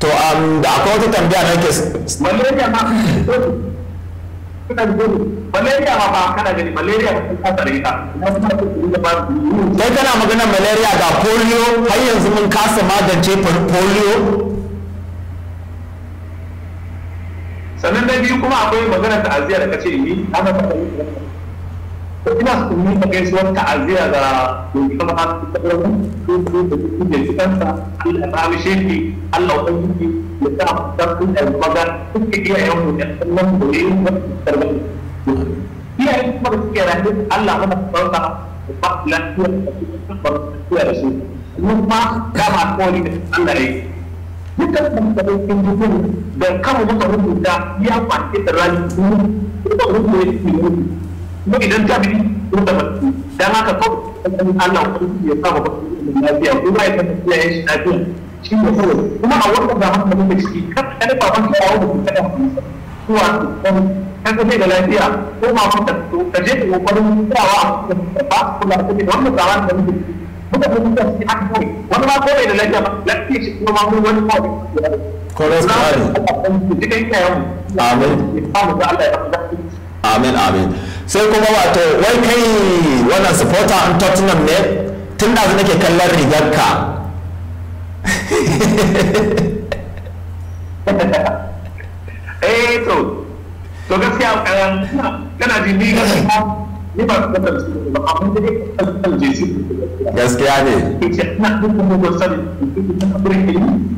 to um, da akwai wata tambaya na ke malaria ma kana gani malaria kai kana magana malaria ga polio har yanzu mun kasa magance polio sannan na biyu kuma akwai magana ta'aziyya da kace ni ana ina kuma da gaisuwar ta'aziyya ga shugaban kasar su da su da su kansa Allah ba rami shefi Allah ya yi ya sa mutum da magan suke iya yan mutum sannan gobe yin wasu sarwani iya yin kuma suke rayu Allah mana sauka ba lafiya da su kan lafiya da su mun ma da ma ni da Allah ya yi dukkan mutane sun ji kun da kama muka rubuta ya kwanci da rani sun rubuta ya ce ko idan ta bi dan haka ko Allah ko ya sa ba lafiya ko ba ya ta lafiya shi lafiya shi ne kuma a wannan da haka muke ciki kar ka da baban ka da kada kuwa kan ka da lafiya ko ma ka je ko ba ku la ku da wannan da muka haka wani ma ko da lafiya lafiya shi ma mun wani Correct. Amen. Amen. Amen. sai kuma wato wai kai wannan supporter an tottenham ne tun da nake kallon rigarka eh to to gaskiya kana ji ni gaskiya ni ba ka da su ba amma da kallon jesi gaskiya ne ina duk mun san duk mun san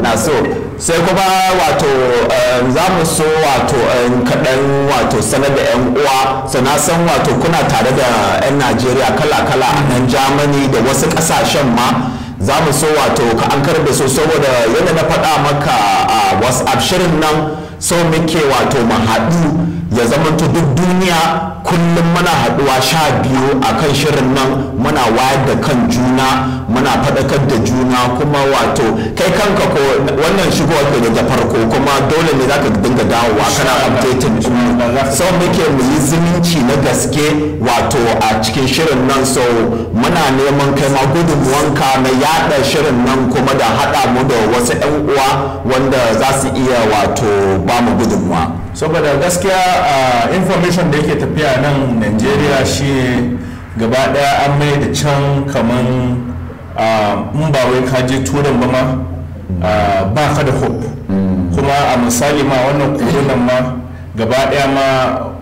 na so sai kuma wato eh, za mu so wato eh, kaɗan wato sanar da 'yan uwa sana san wato kuna tare da 'yan najeriya kala-kala a nan germany da wasu ƙasashen ma za mu so wato ka an da su saboda yadda na faɗa maka a whatsapp shirin nan so muke wato mahadu ya zama duk duniya kullum muna haɗuwa sha biyu a kan shirin nan muna wayar da kan juna muna faɗakar da juna kuma wato kai kanka ko wannan shigowa ke da farko kuma dole ne za ka dinga dawowa kana updating juna sau muke mu yi zumunci na gaske wato a cikin shirin nan so muna neman kai ma gudunmuwanka na yada shirin nan kuma da haɗa mu da wasu 'yan uwa wanda za su iya wato ba mu gudunmuwa saboda gaskiya a information da yake tafiya nan nigeria shi gaba daya an mai da can kaman in ba wai kaje turan ba ma ba ka da hope mm. kuma a misali ma wannan koronan ma gaba daya ma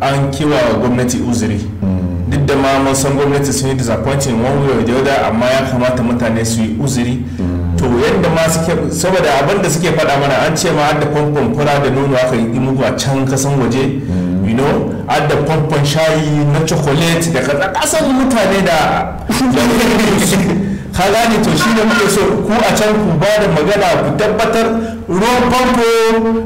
an kiwa gwamnati uzuri mm. duk da ma mun san gwamnati sun yi disappointing one way or the other amma ya kamata mutane su yi uzuri mm. to yadda ma suke saboda abin da suke faɗa mana an ce ma adda famfon fura da nono aka yi mugu a can kasan waje mm. you know adda famfon shayi na chocolate da kaza kasan mutane da [LAUGHS] ka gane to shi ne muke so ku a can ku ba da magana ku tabbatar ruwan pompo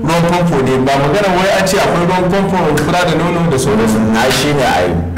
ruwan pompo ne ba magana wai an ce akwai ruwan pompo fura da nono da sauransu na shi ne a yi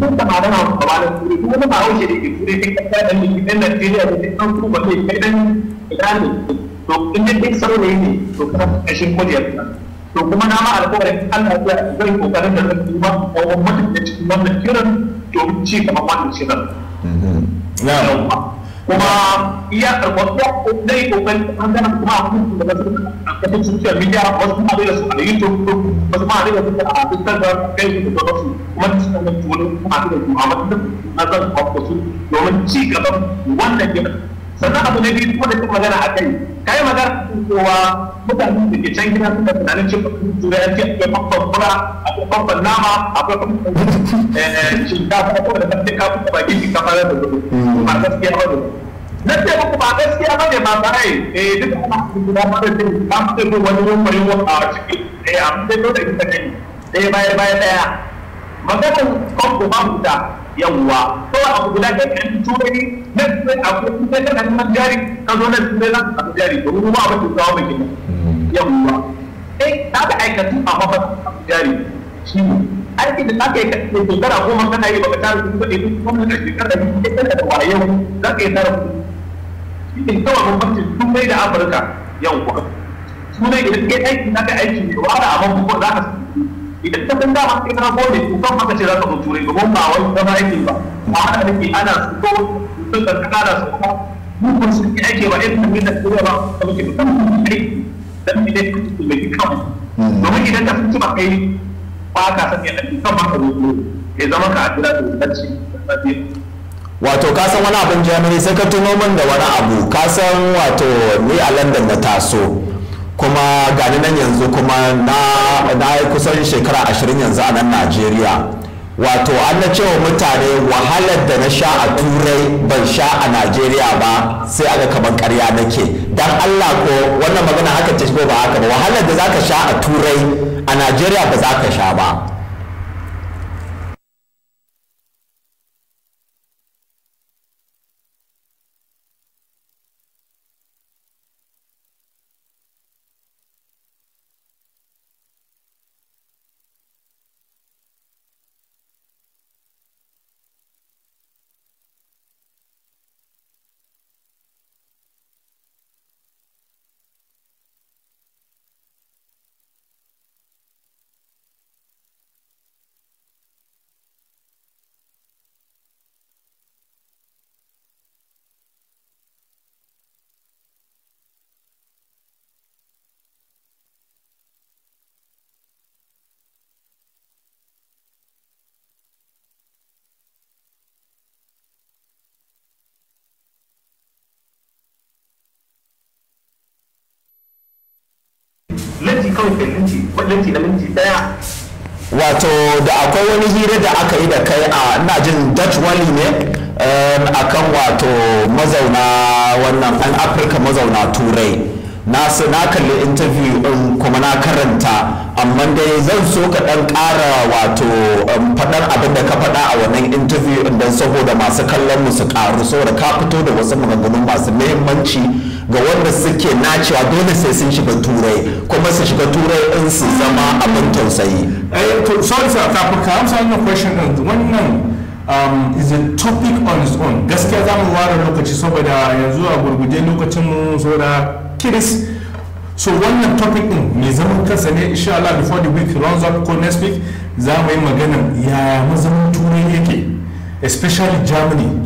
duk da malam a malam turai duk wani bawo shi ke turai kai kasa da ne kiɗan Najeriya da duk ɗan kuma kai kai ɗan ina ne to in dai duk saurayi ne to shi ƙashin muryarka to kuma na ma alƙawarin Allah ya zai kokarin da zan kuma, ko ummatin da kuma wannan kiran domin ci gaban shi na mhm. Na'am. kuma iya karɓar dai kokarin ɓangaren kuma abin da wasu media wasu kuma da su a youtube wasu kuma da su a instagram facebook da wasu kuma da su kan wani kuma da su a matakan na zan kwakwasa domin sannan abu na biyu kuma da kuma magana a kai kai magana kowa mutane da ke can gida suka tunanin cin juna yanke akwai famfan fura akwai famfan nama akwai famfan shinkafa kuma da kafin kafin da baki kafa da zuwa ba gaskiya ba da na ce muku ba gaskiya ba ne ba sarai eh duk ana guda ba da cin ba su ce wani wani a ciki eh amma sai dole ki ta kai ɗaya bayan bayan ɗaya maganar famfan ba mu da yawwa to abu guda ɗaya ka ci turai nan sai akwai kusa da nan jari ka zo nan sai nan a jari to ruwa ba ta kawo mai yawwa eh ta ga aikatu a mafa jari shi ne aiki da aka yi kai shekara goma kana yi baka tare kuɗi da duk kuma da shekara da kuɗi kana da wayo za ka yi tara kuɗi shi ne kawai bambancin mai da afirka yawwa turai idan kai aiki na kai aiki ne wahala a mafi ko za ka idan ka san dama sai ka gode ku kan haka ce za ka zo turai domin ba wai ba yake ba ba haka ke ana su ko sun ka kada su ko mu ko su ke ake ba idan mun da ke ba ka muke ba kan kai dan idan ka ci mai kan domin idan ka ci ba kai ba ka san ya dan kan ka zo ke zama ka adira da wadaci wato ka san wani abin jami'i sai ka tuno min da wani abu ka san wato ni a london na taso kuma gani nan yanzu kuma na kusan shekara ashirin yanzu a nan najeriya wato an na cewa mutane wahalar da na sha a turai ban sha a najeriya ba sai aka kamar karya nake don allah ko wannan magana haka ce ko ba haka ba wahalar da za ka sha a turai a najeriya ba za ka sha ba minti kawai minti na minti daya wato da akwai wani hira da aka yi da kai a ina jin dutch wali ne a kan wato mazauna wannan an afirka mazauna turai na na kalli interview din kuma na karanta amma dai zan so ka ɗan ƙara wato faɗar abin da ka faɗa a wannan interview din don saboda masu kallon mu su ƙaru saboda ka fito da wasu maganganu masu muhimmanci ga wanda suke nacewa dole sai sun shiga turai kuma su shiga turai in su zama abin tausayi eh, sorry sir kafin ka amsa wannan question din wannan um, is a topic on its own gaskiya za mu ware lokaci saboda yanzu a gurguje lokacin mu saboda kiris so wannan topic din mai zaman kansa ne insha Allah before the week runs up ko next week za mu yi maganar yaya mazan turai yake especially germany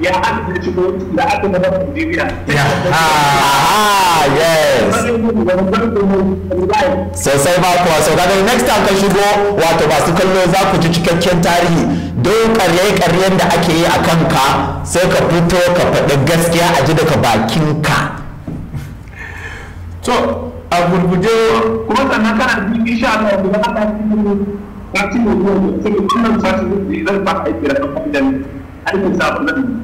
ya aka da shigo da aka na bakin Najeriya. yes. Sosai ba kuwa, Sau da next time ka shigo wato su kallo za ku ji cikakken tarihi don karye-karyen da ake yi a kanka sai ka fito ka faɗi gaskiya a ji daga bakinka. To, a gurguje kuma sannan kana bi insha Allah da za a ɗaci ne ruwan da suke kuma sati da zai zai ba a yi kira kan aikin sabon nan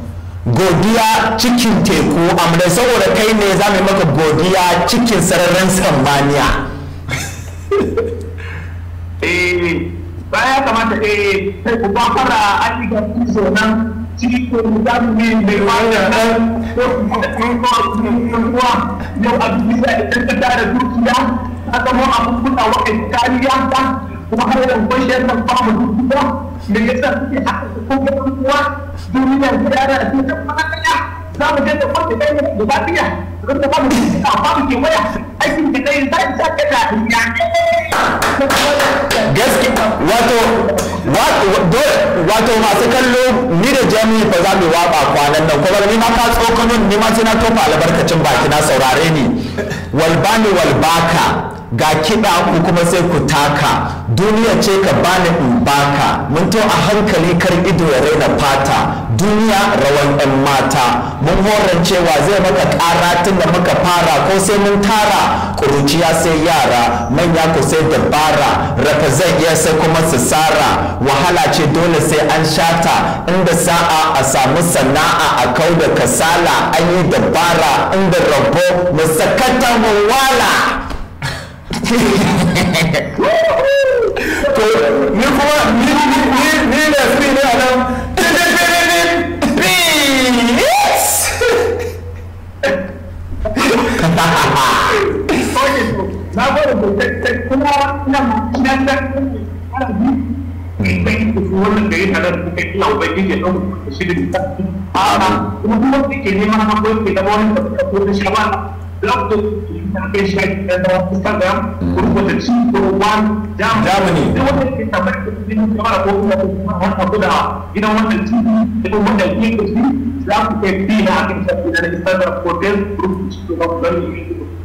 godiya cikin teku amma saboda kai ne za mu maka godiya cikin sararin samaniya baya kamata eh sai ku ba fara an yi gafi zonan cikin za mu yi mai wanda nan ko kun ko kun kuwa yau a bisa da dukiya aka mu abun wa'in kariya ta kemarin yang boy dan yang paham berdua dia kata ya dunia tidak ada di tempatnya sama dia tempat kita ini berarti ya terus tempat kita apa bikin apa ayo kita ini saja kita dunia guys kita waktu waktu waktu masa kalau mirip gani ba za mu waba kwanan nan kuma ni ma ka tsokanin ni ma sai na tofa albarkacin baki na saurare ni walbani walbaka ga kiɗa ku kuma sai ku taka duniya ce ka bani in baka mun to a hankali kar ido ya raina fata duniya rawan ɗan mata mun horar cewa zai maka ƙara tun da muka fara ko sai mun tara ƙuruciya sai yara manya ku sai dabara rafa zai iya sai kuma su sara wahala ce dole sai an shata inda sa'a sana'a a samu sana'a a kauda kasala an yi dabara inda rabo musakata wala to ni kuma ni ni ni ne fi ne a nan na gode kuma nan nan treatment full date ada seperti laubaji gitu mesti dibuka ah untuk di sini mana aku kita boleh untuk siapa blog tuh Instagram untuk perubahan jam jam ini itu mau kita sampai di mana aku mau aku dah kita mau di sini itu mau di sini itu sih blog kita di hari kita di Instagram hotel grup itu kita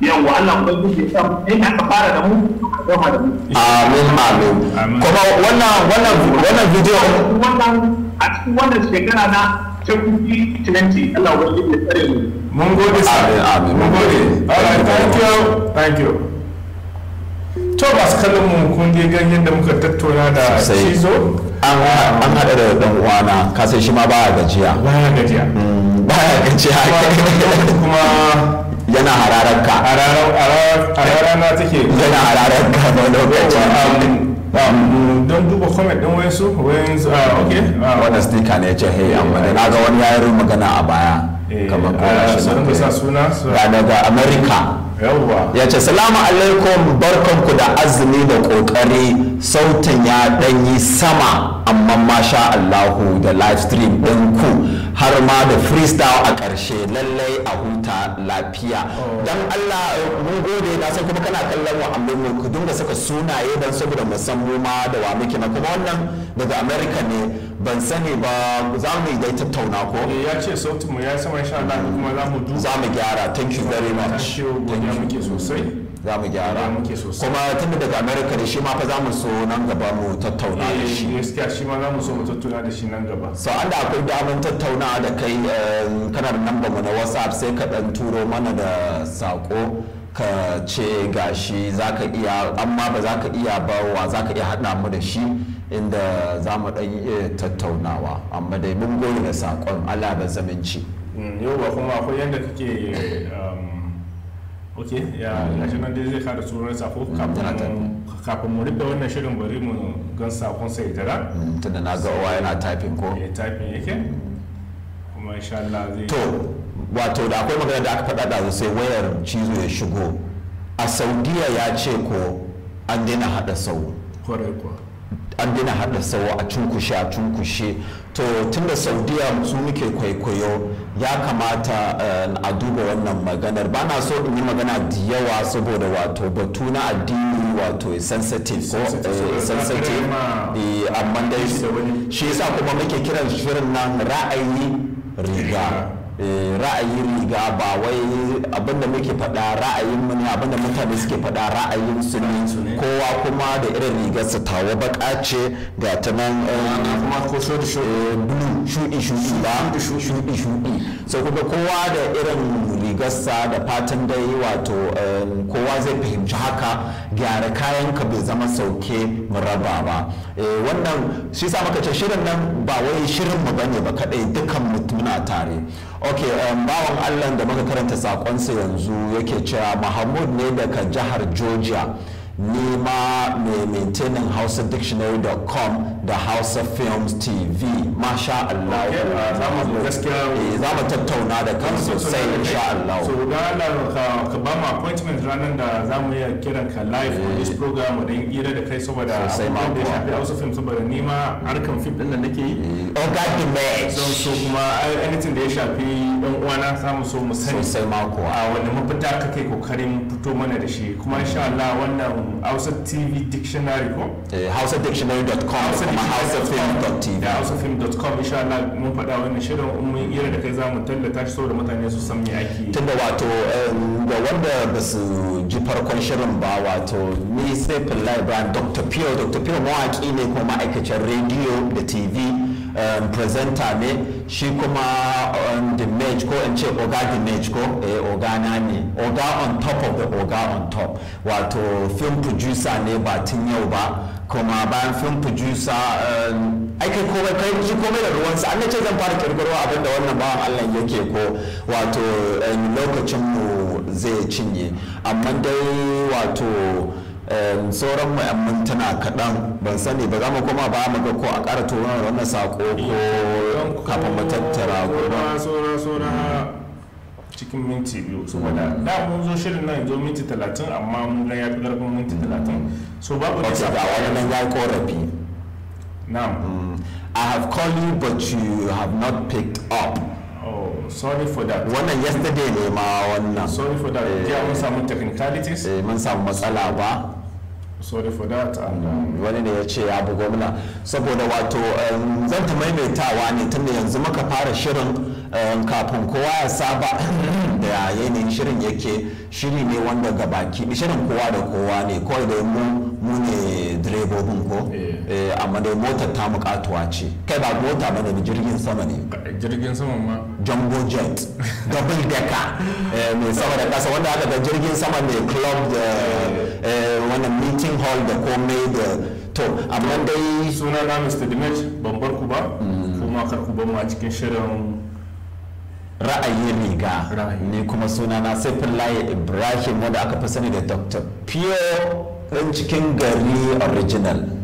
yawwa Allah ku ɗauki ke sam in aka fara da mu ka gama da mu amin amin kuma wannan wannan wannan video wannan a cikin wannan shekara na ta kuɗi tunanci Allah ku ɗauki ke tsare mu mun gode amin amin mun gode alright thank you thank you to ba su kallon mu kun je gan yadda muka tattauna da cizo an haɗa da dan uwana ka sai shi ma baya gajiya baya gajiya mm, baya gajiya kuma yana a hararana take yana hararka a lokacin um, um, don duba comment din wayansu wayansu a ah, ok su ah. stika ne ce hey amma da na ga wani yayin magana a baya eh, kamar ko ah, shi sa suna ga daga america ya ce salamu alaikum barkanku da azumi da kokari sautin ya danyi sama amma masha allahu da live stream din ku har ma da freestyle a ƙarshe lallai a huta lafiya oh. don Allah mun gode na san kuma kana kallon wa amurka ku dinga saka sunaye don saboda musamman ma da wa muke na kuma wannan daga America ne ban sani ba za mu yi tattauna ko eh, ya ce sautin mu ya sama insha Allah kuma za mu za mu gyara thank you very much thank you sosai za mu gyara kuma tun daga america da shi ma fa za mu so nan gaba mu tattauna da eh, shi gaskiya shi ma za mu so mu tattauna da shi nan gaba so an da akwai damar tattauna da kai um, kanar da number mu na whatsapp sai ka dan turo mana da sako ka ce gashi za ka iya amma ba za ka iya ba wa za ka iya haɗa mu da shi inda za mu ɗan iya tattaunawa amma dai mun goyi da saƙon allah da zamanci mm, yau ba kuma akwai yadda kake um, ok ya gashi nan dai zai kada tsoron safo kafin mu rufe wannan shirin bari mu gan safon sai jira mm, tunda na ga uwa yana typing ko ya eh, typing yake mm. kuma insha Allah zai to wato da akwai magana da aka faɗa da sai wayar cizo ya shigo a saudiya ya ce ko an daina haɗa sau kwarai kuwa an gina haɗa sawo a cunkushe a cunkushe to tunda saudiya su muke kwaikwayo ya kamata eh, a duba wannan maganar ba na so in yi magana da yawa saboda wato batu na addini wato sensitive ko sensitive eh, eh, amma dai shi yasa kuma muke kiran shirin nan ra'ayi riga Eh, ra'ayin riga ba wai abinda muke faɗa ra'ayin mu ne abinda mutane suke faɗa ra'ayin su ne kowa kuma da irin rigar su tawa baka ce ga ta nan da shudi shudi ba shudi shudi so kowa da irin rigar sa da fatan dai wato eh, kowa zai fahimci haka gyara kayan ka bai zama sauke mu raba ba eh, wannan shi sa muka ce shirin nan ba wai shirin mu bane ba kadai dukan na tare ok um, bawan allah da muka karanta sakonsa yanzu yake cewa mahmud ne daga jihar georgia nema mai maintaining hausa dictionary.com da Hausa Films TV masha Allah za mu eh, tattauna da kan sosai insha Allah so da Allah ka ba mu appointment ranar da za mu yi kiran ka live on this eh. program da yin ira da kai saboda sosai ma da shafi Hausa Films saboda ni ma harkan film din da nake yi eh, oh god the man so so kuma anything da ya shafi dan uwana za mu so mu sani sosai ma ko a wanda fita kake kokarin fito mana da shi kuma insha Allah wannan Hausa TV dictionary ko hausadictionary.com housefilm.tv da housefilm.com insha Allah mun faɗa wannan shirin in mun iya da kai za mu tallata shi saboda mutane su san me ake tunda wato ga wanda ba su ji farkon shirin ba wato ni sai Fillai Brian Dr. Pio Dr. Pio mawaki ne kuma ma'aikacin rediyo da TV um, presenter ne shi kuma um, mage ko in ce oga the mage ko eh, oga na ne oga on top of the oga on top wato film producer ne ba tun yau ba kuma bayan film producer um, aikai komai kai ji komai da ruwansa an ce zan fara kirkiro abin da wannan bawan Allah yake ko wato um, lokacin mu zai cinye amma dai wato sauran mu'amman tana kaɗan ban sani ba za mu koma ba mu ga ko a ƙara turon wannan sako ko kafin mu tattara gobe sauran sauran cikin minti biyu saboda da mun zo shirin nan zo minti talatin amma mun ga ya fi ƙarfin minti talatin so babu da sa ga wani nan ya korafi na'am mm, i have called you but you have not picked up oh, sorry for that. Wannan yesterday ne ma wannan. Sorry for that. Eh. Ya mun samu technicalities? Eh mun samu matsala ba. sorry for um, wani ne ya ce ya bu gwamna saboda wato um, zan ta maimaitawa ne tunda yanzu muka fara shirin Um, kafin kowa ya saba [CLEARS THROAT] da yanayin shirin yake shiri ne wanda gabaki shirin kowa da kowa ne kawai da mu mu ne direbobin ko eh. Eh, amma dai motar ta mukatuwa ce kai ba mota ba da jirgin sama ne jirgin sama ma jumbo jet double decker eh, mai sama da kasa wanda aka da jirgin sama ne club da wannan meeting hall da komai da to amma dai suna na mr dimash ban bar ku ba hmm. kuma kar ku ban ma cikin shirin ra'ayin riga ni kuma sunana saifullahi ibrahim wanda aka fi sani da dr pio ɗan cikin gari original